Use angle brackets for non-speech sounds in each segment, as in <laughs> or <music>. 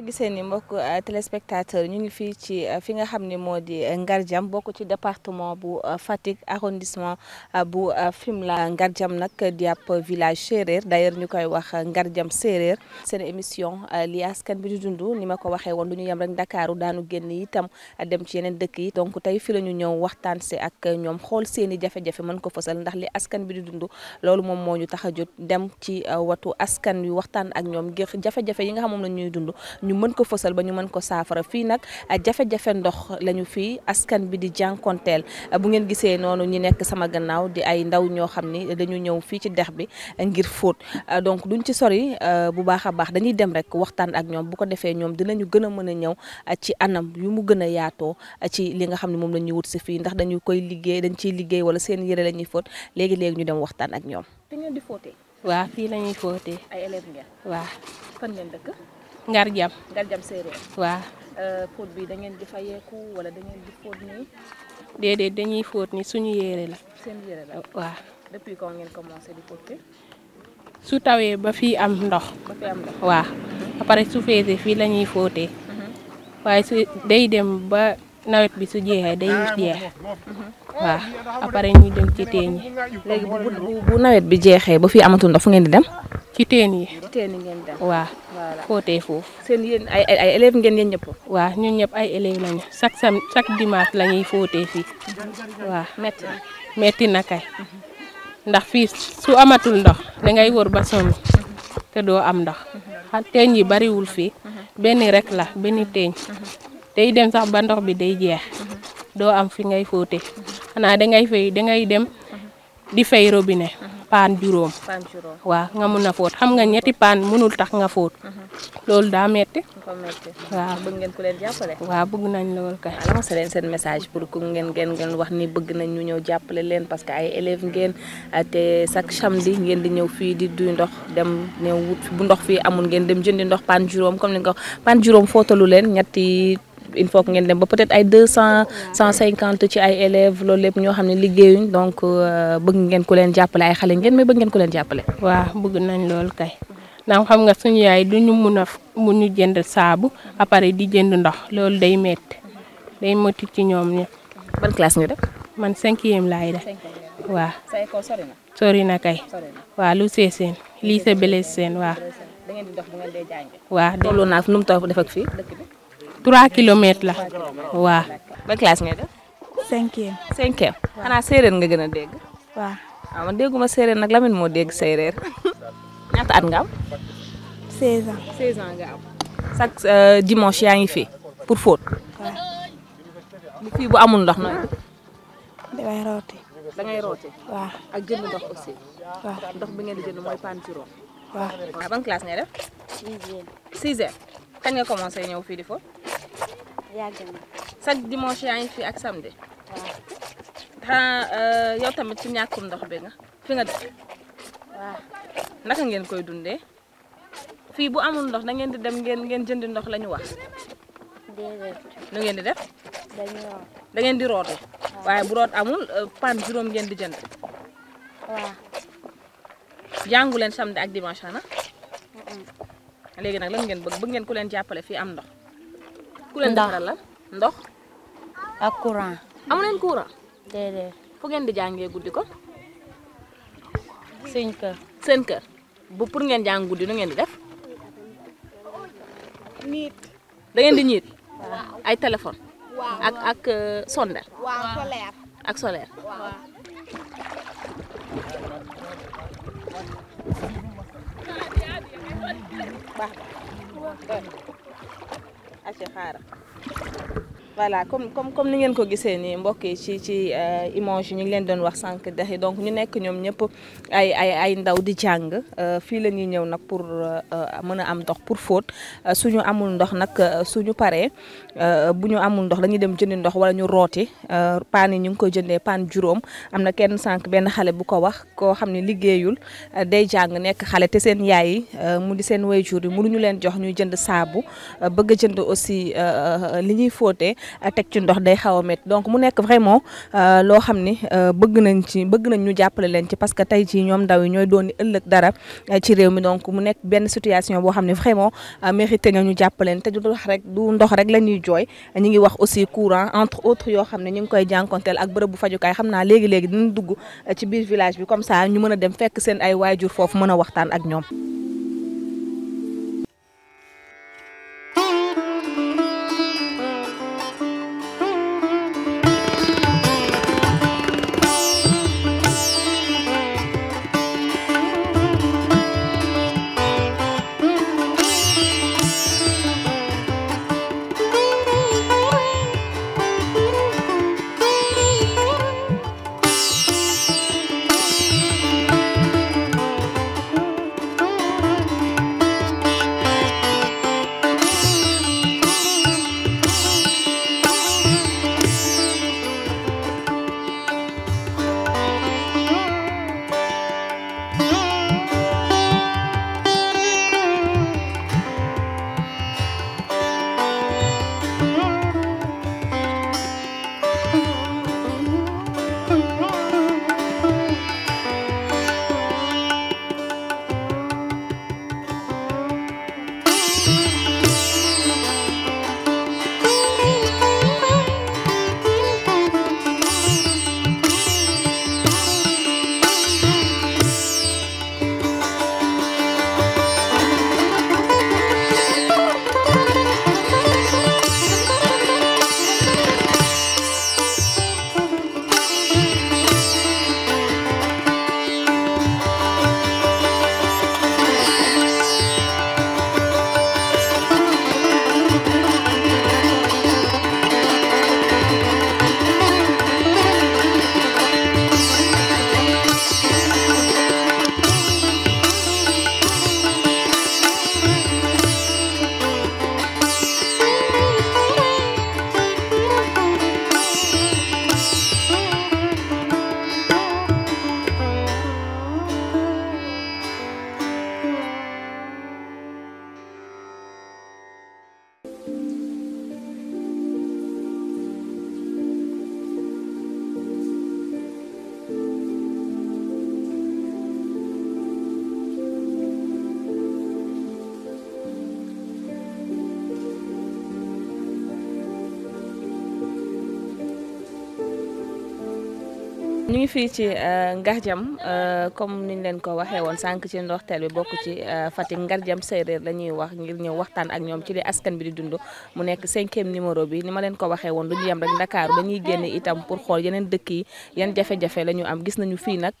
ko gisee ni mbokk euh, téléspectateur ñu ngi fii ci euh, fi nga xam ne moo di euh, Ngardiam bokk ci département bu Fatick arrondissement bu la ngarjam nag di ab village séeréer d'ailleurs ñu koy wax Ngardiam séeréer seen émission li askan bi di dundu ni ma ko waxee woon lu ñu yem rek Ndakaaru daanu génn itam dem ci yeneen dëkk yi donc tey fi la ñu ñëw waxtaan si ak ñoom xool seeni i jafe-jafe mën ko fësal ndax li askan bi di dundu loolu moom moo ñu tax a jot dem ci watu askan wi waxtaan ak ñoom ngir jafe yi nga xam moom ñuy dund ñu mën ko fësal ba ñu mën ko saafara fii nag ah, jafe-jafe ndox lañu fii askan bi di jànkonteel ah, bu ngeen gisee noonu ñi nekk sama gannaaw di ay ndaw ñoo xam ni dañu ñëw fii ci dex bi ngir fóot ah, donc duñ ci sori bu baax a baax dañuy dem rek waxtaan ak ñoom bu ko defee ñoom dinañu gën a mën a ñëw ci anam yu mu gën a yaatoo ci li nga xam ne moom la ñuy wut si fii ndax dañu koy liggéey dañ ciy liggéey wala seen yëre la fóot léegi léegi ñu dem waxtaan ak ñoom. te ngeen di fóotee. waaw fii la ñuy fóotee. ay élèves ngeen. waaw Ngarjam Ngarjam séeréer. waaw. Euh, fóot bi da ngeen di fayeeku wala da ngeen di fóot dañuy fóot ni suñu yére la. seen yére la waaw. depuis quand ngeen commencé di fóot su tawee ba fii am ndox. ba fii su feesee fii la ñuy fóotee. Mhm. waaye su day dem ba. nawet bi su jeexee day ah, jeex waaw ah, après ñuy dem ci teen bu nawet bi jeexee ba fii amatul ndox fu ngeen di dem. ci teen yi. teen ngeen dem waaw. footee foofu. seen yéen ay ay ngeen ye ñëpp. waa ñun ñëpp ay élèves lañu chaque sam dimanche la footee fii waaw. metti na kay ndax fii su amatul ndox dangay wor wër ba sonn te doo am ndox. teeñ yi bariwul fii mhm. benn rek la benn teeñ. Mhm. day dem sax ba ndox bi day jeex mhm. doo am fi ngay fóote xanaa dangay fay dangay dem mhm. di fay robine mhm. paan juróom waaw nga mun a fóot xam nga ñetti paan mënul tax nga fóot loolu daa metti waaw bëgg ngeen ku leen jàppale waaw bëgg nañ lool kay lancé leen seen message pour ku ngeen ngeen ngeen wax ni bëgg nañ ñu ñëw jàppale leen parce que ay élève ngeen ah, te chaque samedi ngeen di ñëw fii di duy ndox dem ne wut bu ndox fii amul ngeen dem jëndi ndox paan juróom comme ni nga paan juróom fóotalu leen ñetti il faut ngeen dem ba peut-être ay deux cent cent cinquante ci ay élèves loolu lépp ñoo xam ne liggéeyuñ donc euh, bëgg ngeen ku leen jàppale ay xale ngeen mais bëgg ngeen ku leen jàppale. waaw bëgg nañ lool kay ndax xam nga suñu yaay du ñu mun a mun ñu jënd saabu appareil di jënd ndox loolu day métti day métti ci ñoom ñëpp. ban classe nga def. man cinquième laay def. waa sa école sori na. sori na kay. waaw lu seeseen lycée Blaise Sène waaw. da dee jàngee. naa nu mu toll def ak fii 3 kilomètres la waaw. ba classe ngay def. cinquième. cinquième xanaa séeréer nga gën a dégg. waaw ma ah, man dégguma séeréer nag Lamine moo dégg séeréer <laughs> ñaata at nga am. 16 ans 16 ans nga am. chaque euh, dimanche yaa ngi fi pour fóot. fii bu amul ndox nooy. damay rooti. da ngay rooti. waaw ak jënd ndox aussi. waaw ndox bi ngeen di jënd mooy panturon. waaw ban classe ngay def. sixième sixième kañ nga commencé ñëw fii di fóot. yàgg na chaque dimanche yaa ngi ak samedi. waaw euh, yow tamit ci ñàkkum ndox bi nga fi nga def. waaw naka ngeen koy dundee. fii bu amul ndox da ngeen di dem ngeen ngeen jëndi ndox la ñu wax. nu ngeen di def. dañuy root da di roote. waaye bu root amul euh, pan juróom ngeen di jënd. waaw. leen samedi ak dimanche ana. léegi nag lan ngeen bëgg bëgg ngeen ku leen jàppale fii am ndox. ku leen defaral la ndox. ak courant. amu leen courant. déedéet. fu ngeen di jàngee guddi ko. seen kër. seen kër bu pour ngeen jàng guddi nu ngeen di def. niit. da ngeen di ñiit. ay téléphone. ak ak euh, acca xaaral voilà comme comme comme ni ngeen ko gisee ni mbokk yi ci ci euh, image yi ñu ngi leen doon wax sànq dex donc ñu nekk ñoom ñëpp ay ay ay ndaw di jàng euh, fii la ñuy ñëw nag pour euh, mën a am ndox pour fóot suñu amul ndox nag suñu paree bu ñu amul ndox dañuy dem jëndi ndox wala ñu rooti paan yi ñu ngi koy jëndee paan juróom am na kenn sànq benn xale bu ko wax koo xam ni liggéeyul day jàng nekk xale te seen yaay yi mu di seen wayjur yi mënuñu leen jox ñuy jënd saabu bëgg jënd aussi li ñuy fóotee teg ci ndox day xaw a métti donc mu nekk vraiment euh, loo xam ni euh, bëgg nañ ci bëgg nañ ñu jàppale leen ci parce que tey jii ñoom ndaw yi ñooy doon ëllëg dara euh, ci réew mi donc mu nekk benn situation boo xam ne vraiment mérité na ñu jàppaleen te du ndox rek du ndox rek la ñuy jooy ñu ngi wax aussi courant entre autres yoo xam ne ñu ngi koy jànkonteel ak bërëb bu fajukaay xam naa léegi-léegi dinañ dugg ci biir village bi comme ça ñu mën a dem fekk seen ay waajur foofu mën a waxtaan ak ñoom fii ci euh, Ngardiam euh, comme niñ leen ko waxee woon sànq ci ndoxteel bi bokk ci euh, Fatick Ngardiam séeréer la ñuy wax ngir ñëw waxtaan ak ñoom ci li askan bi di dund mu nekk cinquième numéro bi ni ma leen ko waxee woon lu ñu yem rek Ndakaaru dañuy génn itam pour xool yeneen dëkk yi yan jafe-jafe la ñu am gis nañu fii nag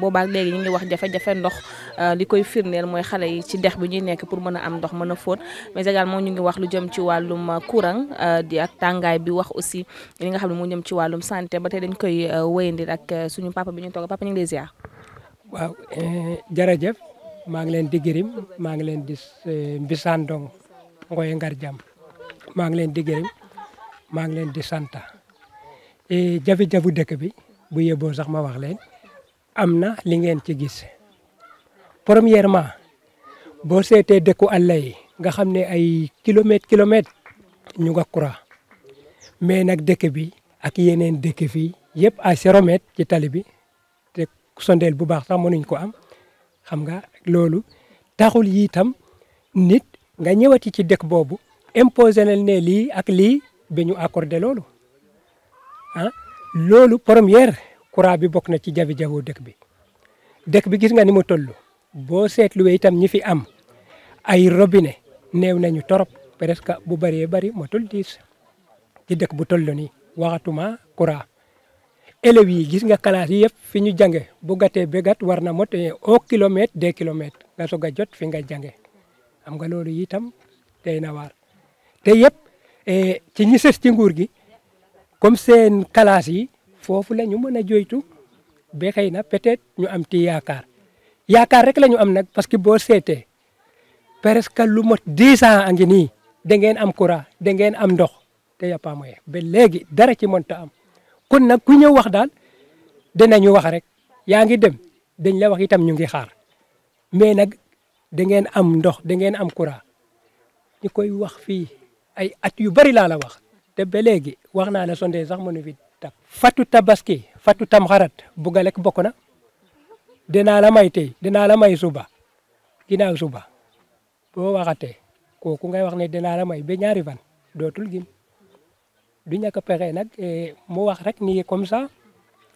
boobaak léegi ñu ngi wax jafe-jafe ndox li koy firndeel mooy xale yi ci dex bi ñuy nekk pour mën a am ndox mën a fóot mais également ñu ngi wax lu jëm ci wàllum courant di ak tàngaay bi wax aussi nga xam ne moo ci wàllum santé ba tey dañ koy wéyandil suñu papa bi ñu toog papa ñu ngi lay ziar. waaw eh, maa ngi leen di gërëm maa ngi leen di eh, mbisandong ngoy ngar jàmm ngi leen di gërëm maa ngi leen di santa eh, jafe-jafe dëkk bi bu yeboo sax ma wax leen am na li ngeen ci gis premièrement boo seetee dëkku àll yi nga xam ne ay kilomètre kilomètre ñu nga courant mais nag dëkk bi ak yeneen dëkk fii yëpp ay séromètre ci tali bi te sondeel bu baax sax mënuñ ko am xam nga loolu taxul yi itam nit nga ñëwati ci dëkk boobu imposé nañ ne lii ak lii ba ñu accordé loolu ah loolu première courant bi bokk na ci jafe-jafe dëkk bi dëkk bi gis nga ni mu tollu boo seetluwee itam ñi fi am ay robine néew nañu torop presque bu bëree bëri motul diis ci dëkk bu toll nii waxatuma courant élèves yi gis nga classe yi yëpp fi ñu jànge bo gàttee ba gàtt war na mot au kilomètre deux kilomètres nga soog a jot fi nga jànge xam nga loolu itam tey na waar te yëpp eh, ci ñi sës ci nguur gi comme seen classe yi foofu la ñu mën a joytu be xëy na peut-être ñu am ti yaakaar yaakaar rek la ñu am nag parce que boo seetee presque lu mot dix ans a ngi nii da ngeen am courant da ngeen am ndox te yàppa moye ba léegi dara ci mënta am kon nag ku ñëw wax daal danañu wax rek yaa ngi dem dañ la wax itam ñu ngi xaar mais nag da ngeen am ndox da ngeen am courant ñu koy wax fii ay at yu bari laa la wax te ba léegi wax naa la sondee sax mënu fi tap fatu tabaski fatu tamxarat bugga lekk bokk na dinaa la may tey dinaa la may suba ginnaaw suba boo waxatee kooku ngay wax ne dinaa la may ba ñaari fan dootul gim du ñàkk pexe nag eh, mu wax rek nii comme ça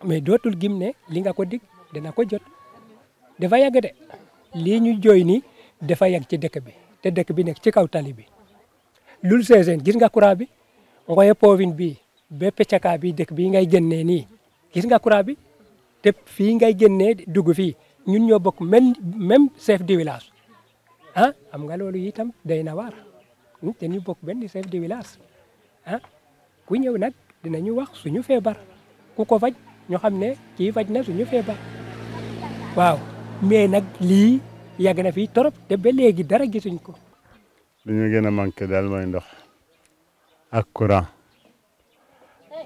mais dootul gim ne li nga ko dig dina ko jot dafa yàgg de lii ñu jooy nii dafa yàgg ci dëkk bi te dëkk bi nekk ci kaw tali bi lul seeseen gis nga courant bi ngoye poovin bi ba peccaka bi dëkk bii ngay génnee nii gis nga courant bi te fii ngay génnee dugg fi ñun ñoo bokk même même chef de village ah, am nga loolu itam day na waar te ñu bokk benn chef de village ah, ku ñëw nag dinañu wax suñu feebar ku ko faj ñu xam ne kii faj na suñu feebar waaw mais nag lii yàgg na fii torop te ba léegi dara gisuñ ko. li ñu gën a manqué daal mooy ndox ak courant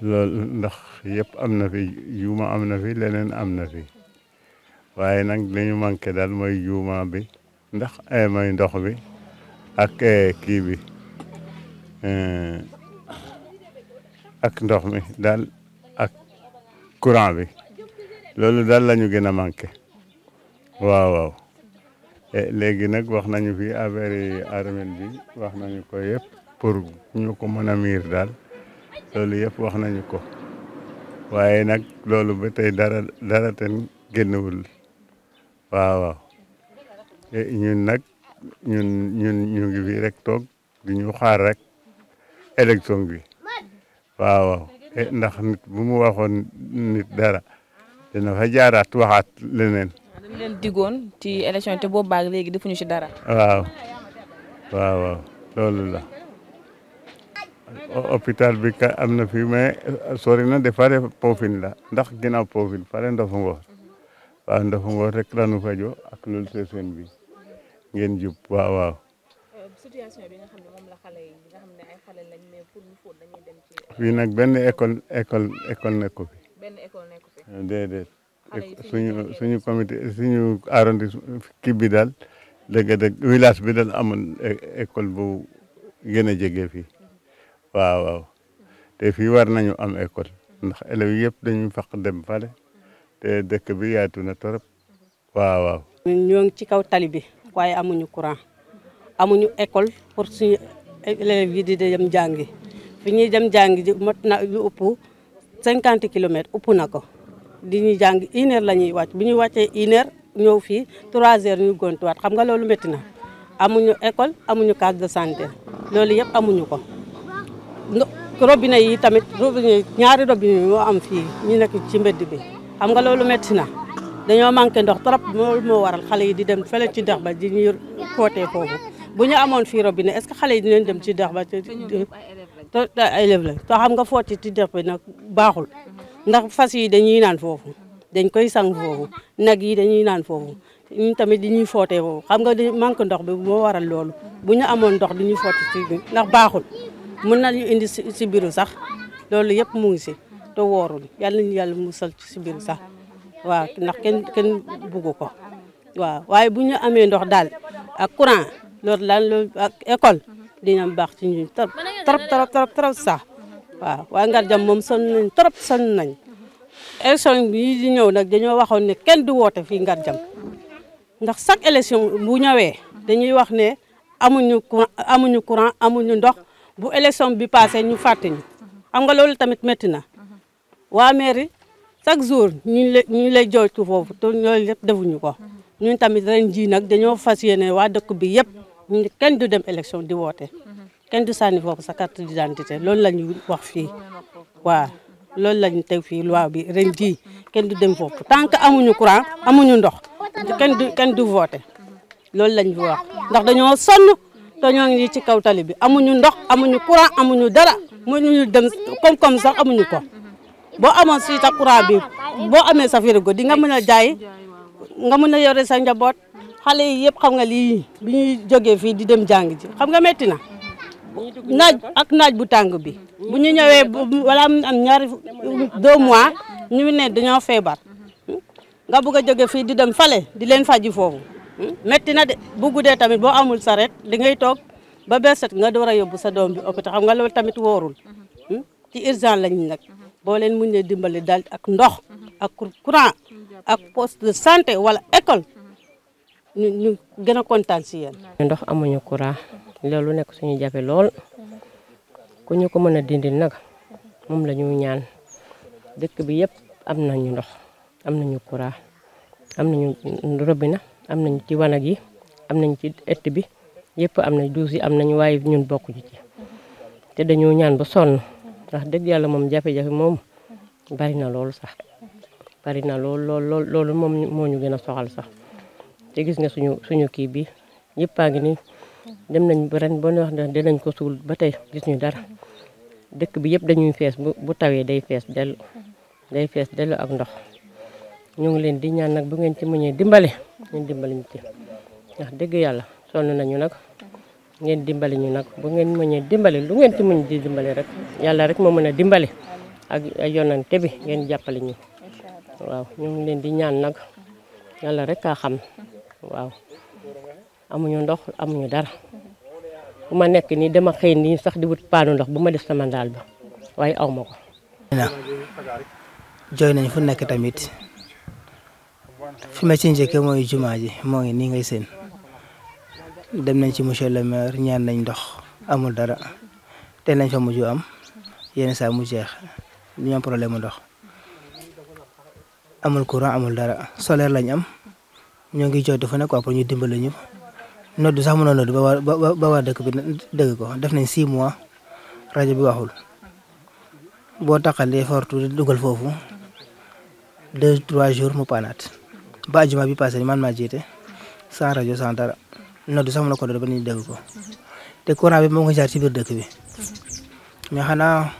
loolu ndax yëpp am na fi juuma am na fi leneen am na fi waaye nag li ñu manqué daal mooy juuma bi ndax ay eh, mooy ndox bi ak eh, kii bi. Eh, ak ndox mi daal ak courant bi loolu daal la ñu gën a manqué waaw waaw e, léegi nag wax nañu fi affaire yi armel bi wax nañu ko yëpp pour ñu ko mën a miir daal loolu yëpp wax nañu ko waaye nag loolu ba tey dara dara ten génnewul waaw waaw e, ñun nag ñun ñun ñu ngi fi rek toog di ñu xaar rek élection bi waaw waaw eh, ndax nit bu mu waxoon nit dara dina fa jaaraat waxaat leneen. dañ leen digoon ci élection te boobu baag léegi defuñu ci dara. waaw waaw waaw loolu la hôpital bi ka am na fi mais eh, sori na de fare poofin la ndax ginnaaw poofin fare ndofu ngoor waaw ndofu ngoor rek lanu fajo ak loolu seen bi ngeen jub waaw waaw. Eh, lañ nag benn ekol école école na fi. benn école fi. Ah, déedéet. suñu suñu comité suñu arrondissement kii bi daal dëgg-dëgg village bi daal amul école bu gën jege fi waaw te fii war nañu am école ndax élèves yëpp dañuy faq dem fale te dëkk bi yaatu na torop waaw waaw. ñoo ngi ci kaw tali bi waaye amuñu courant amuñu école pour suñu élèves yi di dem jàngi fi ñuy dem jàngi mot na lu ëpp cinquante kilomètres ëpp na ko di ñuy jàng une la ñuy wàcc bu ñuy wàccee une heure ñëw fii trois heures ñu gontuwaat xam nga loolu métti na amuñu école amuñu case de santé loolu yëpp amuñu ko robine yi tamit robinet ñaari robinet yi moo am fii ñu nekk ci mbedd bi xam nga loolu métti na dañoo manqué ndox trop loolu moo waral xale yi di dem fële ci ndox ba ji ñuy footee foofu bu ñu amoon fii robinet est-ce que xale yi dinañ dem ci dex ba te ay élève lañ te xam nga footi ci dex bi nag baaxul mhm. ndax fas yi dañuy naan foofu dañ koy sang foofu nag yi dañuy naan foofu ñun tamit di ñuy foote foofu xam nga di manque ndox bi moo waral loolu bu ñu amoon ndox di ñuy footi ci ndax baaxul mën nañu indi si biiru sax loolu yëpp mu ngi si te woorul yàlla nañu yàlla musal ci si biiru sax waaw ndax kenn kenn bugg ko waaw waaye bu ñu amee daal ak courant loolu daal loolu ak école mhm. dina baax ci ñun trop trop trop trop trop sax mhm. waaw waa ngar jam moom sonn nañ trop sonn nañ mhm. élection bii di ñëw nag dañoo waxoon ne kenn du woote fii ngar jam ndax chaque élection bu ñëwee dañuy wax ne amuñu courant courant amuñu ndox bu élection bi passé ñu fàtte ñu tamit métti na waa chaque jour ñu lay ñu lay ko ñun tamit nag dañoo fas yéene waa dëkk bi yëpp kenn du dem élection di woote kenn du sànni foofu sa carte d'identité loolu la ñu wax fii waaw loolu lañu te fii loi bi ren jii kenn du dem foofu tant que amuñu courant amuñu ndox kenn du kenn du woote loolu la ñu wax ndax dañoo sonn te ñoo ngi ci kaw tali bi amuñu ndox amuñu courant amuñu dara mënuñu dem koom-koom sax amuñu ko boo amoon si ta courant bi boo amee sa frigo di nga mën a nga mën a yore xale yi yëpp xam nga lii bi ñuy jógee fii di dem jàng ji xam nga metti na naaj ak naaj bu tàng bi bu ñu ñëwee wala am ñaari deux mois ñu ne dañoo feebar nga bëgg a jóge fii di dem fale di leen faji foofu metti na de bu dee tamit boo amul saret li ngay toog ba berset nga door a yóbbu sa doom bi hôpital xam nga loolu tamit wóorul ci urgence lañ nag boo leen muñ ne dimbali daal ak ndox ak courant ak poste de santé wala école ñu ñu gën a kontaan si yéen. ndox amuñu loolu nekk suñu jafe lool ku ñu ko mën a dindil nag moom la ñu ñaan dëkk bi yëpp am nañu ndox am nañu courant am nañu robinet am nañu ci wanag yi am nañu ci ëtt bi yëpp am nañu duus yi am nañu waaye ñun bokkuñu ci te dañoo ñaan ba sonn ndax dëgg yàlla moom jafe-jafe moom bari na loolu sax bari na lool loolu moom moo ñu gën a soxal sax. te gis nga suñu suñu kii bi yëpp a ngi nii dem nañ ba ren boo ñu wax dinañ ko suul ba tey gis ñu dara dëkk bi yëpp dañuy fees bu bu tawee day fees dellu day fees dellu ak ndox ñu ngi leen di ñaan nag bu ngeen ci muñee dimbale ngeen dimbali ñu ci ndax dëgg yàlla sonn nañu nag ngeen dimbali ñu nag bu ngeen muñee dimbale lu ngeen ci muñ rek yàlla rek moo mën a dimbale ak yonante bi ngeen jàppale ñu waaw leen di ñaan nag yàlla rek xam waaw amuñu ndox amuñu dara bu ma nekk nii dama xëy nii sax di wut paanu ndox bu ma def sama ndaal ba waaye aw ma ko. jooy nañ fu nekk tamit fi ma ci njëkkee mooy jumaa ji moo ngi nii ngay seen dem nañ ci monsieur le maire ñaan nañ ndox amul dara te nañ fa mujj am yenn saa mu jeex ñu problème mu ndox amul courant amul dara solaire lañ am. ñoo ngi jooytu fa ne quoi pour ñu dimbali ñu nodd sax mënoo nodd ba waa dëkk bi dëgg ko def nañ six mois rajo bi waxul boo taqalee fortu dugal foofu deux trois jours mu paanaat ba ajuma bi passé ni man maa jiite sans rajo sans dara sax mënoo ko nodd ba nit ñi dëgg ko te courant bi moo ngi jaar biir dëkk bi mais xanaa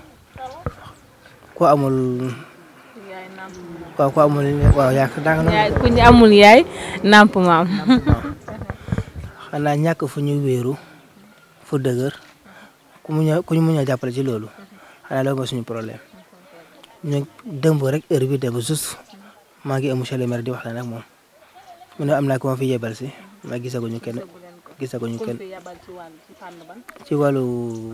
ko amul waaw ku amul naa. yaay ku amul yaay nàmp ñàkk fu ñu wéeru fu dëgër ku mu ñu mun a ci loolu xanaa loolu suñu problème ñu dëmb rek heure bi dem juste maa ngi am monsieur le maire di waxtaan ak moom mu ne am naa ko fi yebal si ma gisaguñu kenn gisaguñu kenn ci wàllu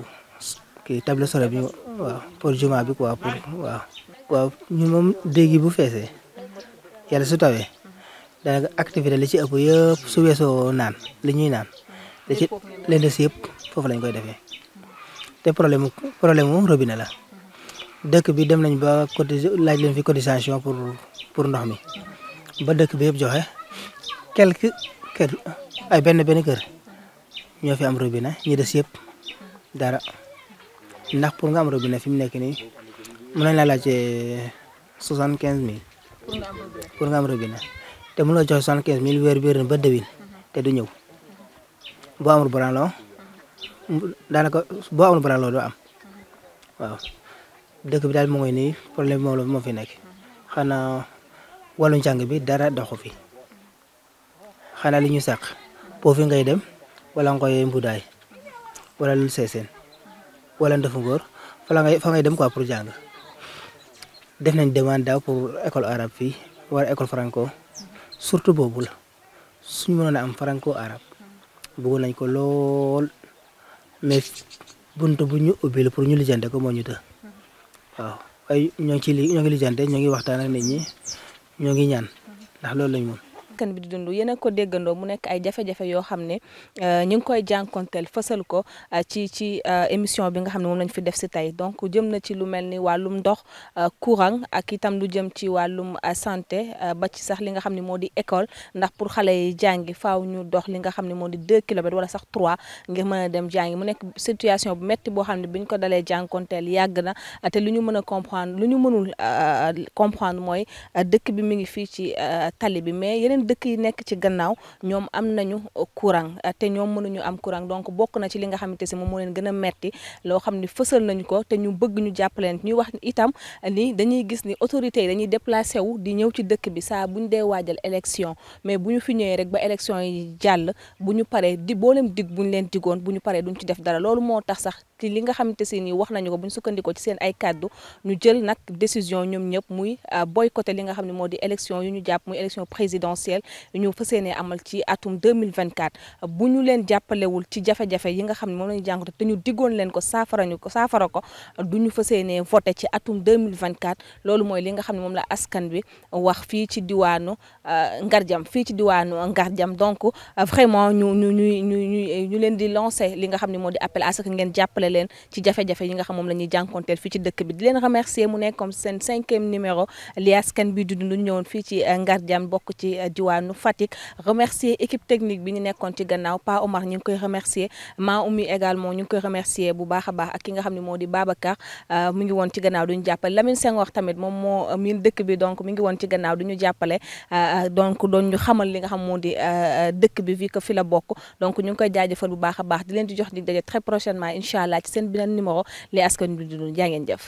kii table sore bi waaw jumaa bi quoi pour waaw. waaw ñu moom déeg bu feesee yal su tawee daanaka activité li ci ëpp yëpp su weesoo naan li ñuy naan li ci leen des yëpp foofu lañ koy defee te problème mu problème mu robinet la dëkk bi dem nañ ba cotis laaj leen fi cotisation pour pour ndox mi ba dëkk bi yëpp joxe quelque kër ay benn benn kër ñoo fi am robinet ñi des yëpp dara ndax pour nga am robinet fi nekk nii. mën nañ laa soixante quinze mille pour nga am robinet te mënoo joxe soixante quinze mille weer weer na ba déwén te du ñëw boo amul branlon daanaka boo amul branlon doo am waaw dëkk bi daal mu ngi nii problème moom la moo fi nekk xanaa wàllu njàng bi dara doxu fi xanaa li ñu sàq boo ngay dem wala ngoy mbudaay wala lu seeseen wala ndëfu ngóor fa ngay fa ngay dem pour jàng. def nañ demande daaw pour école arab fii wala école franco surtout boobu la suñu moo a am franco arab bëggoon nañ ko lool mais bunt bu ñu ubbi la pour ñu lijjante ko moo ñu të waaw ay ñoo ngi ciy ñoo ngi lijjante ñoo ngi waxtaan ak ñi ñoo ngi ñaan ndax loolu lañ mën. askan bi di dund yéen ko déggandoo mu nekk ay jafe-jafe yoo xam ne euh, ñu ngi koy jànkonteel fësal ko euh, ci ci euh, émission bi nga xam ne moom lañ fi def si tey donc jëm na ci lu mel ni wàllum ndox courant ak itam lu jëm ci wàllum santé ba ci sax li nga xam ne moo di école ndax pour xale yi jàngi faw ñu dox li nga xam ne moo di 2 kilomètres wala sax trois ngir mën a dem jàngi mu nekk situation bu métti boo xam ne bi ñu ko dalee jànkonteel yàgg na te lu ñu mën a comprendre lu ñu mënul comprendre mooy dëkk yi nekk ci gannaaw ñoom am nañu uh, courant uh, te ñoom mënuñu am courant donc bokk na ci li nga xamante si moom moo leen gën a metti loo xam ni fësal nañu ko te ñu bëgg ñu jàppaleen ñuy wax itam ni dañuy gis ni autorités yi dañuy déplacé wu di ñëw ci dëkk bi saa bu ñu dee waajal élection mais bu ñu fi ñëwee rek ba élection yi jàll bu ñu paree di booleem dig bu ñu leen digoon bu ñu paree duñu ci def dara loolu moo tax sax ci li nga xamante si ni wax nañu ko bu ñu sukkandikoo ci seen ay kàddu ñu jël nag décision ñoom ñëpp muy euh, boycotté li nga xam ne moo di élection yu ñu jàpp muy élection présidentielle ñu fas yéene amal ci atum 2024 bu ñu leen jàppalewul ci jafe-jafe yi nga xam ne moom lañu jàngote te ñu diggoon leen ko saafara ñu ko saafara ko du ñu fas yéene voté ci atum loolu mooy li nga xam ne moom la askan bi wax fii ci diwaanu euh, Ngarjam fii ci diwaanu Ngarjam donc euh, vraiment ñu ñu ñu ñu ñu leen li nga jàppale leen ci jafe-jafe yi nga xam moom la ñuy fii ci dëkk bi di leen remercier mu nekk seen cinquième numéro li askan bi di dund ñëwoon fii ci euh, Ngardiane bokk ci euh, diwaanu Fatick remercier équipe technique bi ñu nekkoon ci gannaaw Pa Omar ñu ngi koy remercier Ma Oumy également ñu ngi koy remercier bu baax a baax ak ki nga xam ne moo di Babacar euh, mi ngi woon ci gannaaw duñu jàppale Lamine Senghor tamit moom moo miin dëkk bi donc mi ngi woon ci gannaaw duñu jàppale donc doon ñu xamal li nga xam moo di dëkk bi vi que fi la a baax di leen ci seen beneen numéro li askan bi di dund jaa ngeen jëf.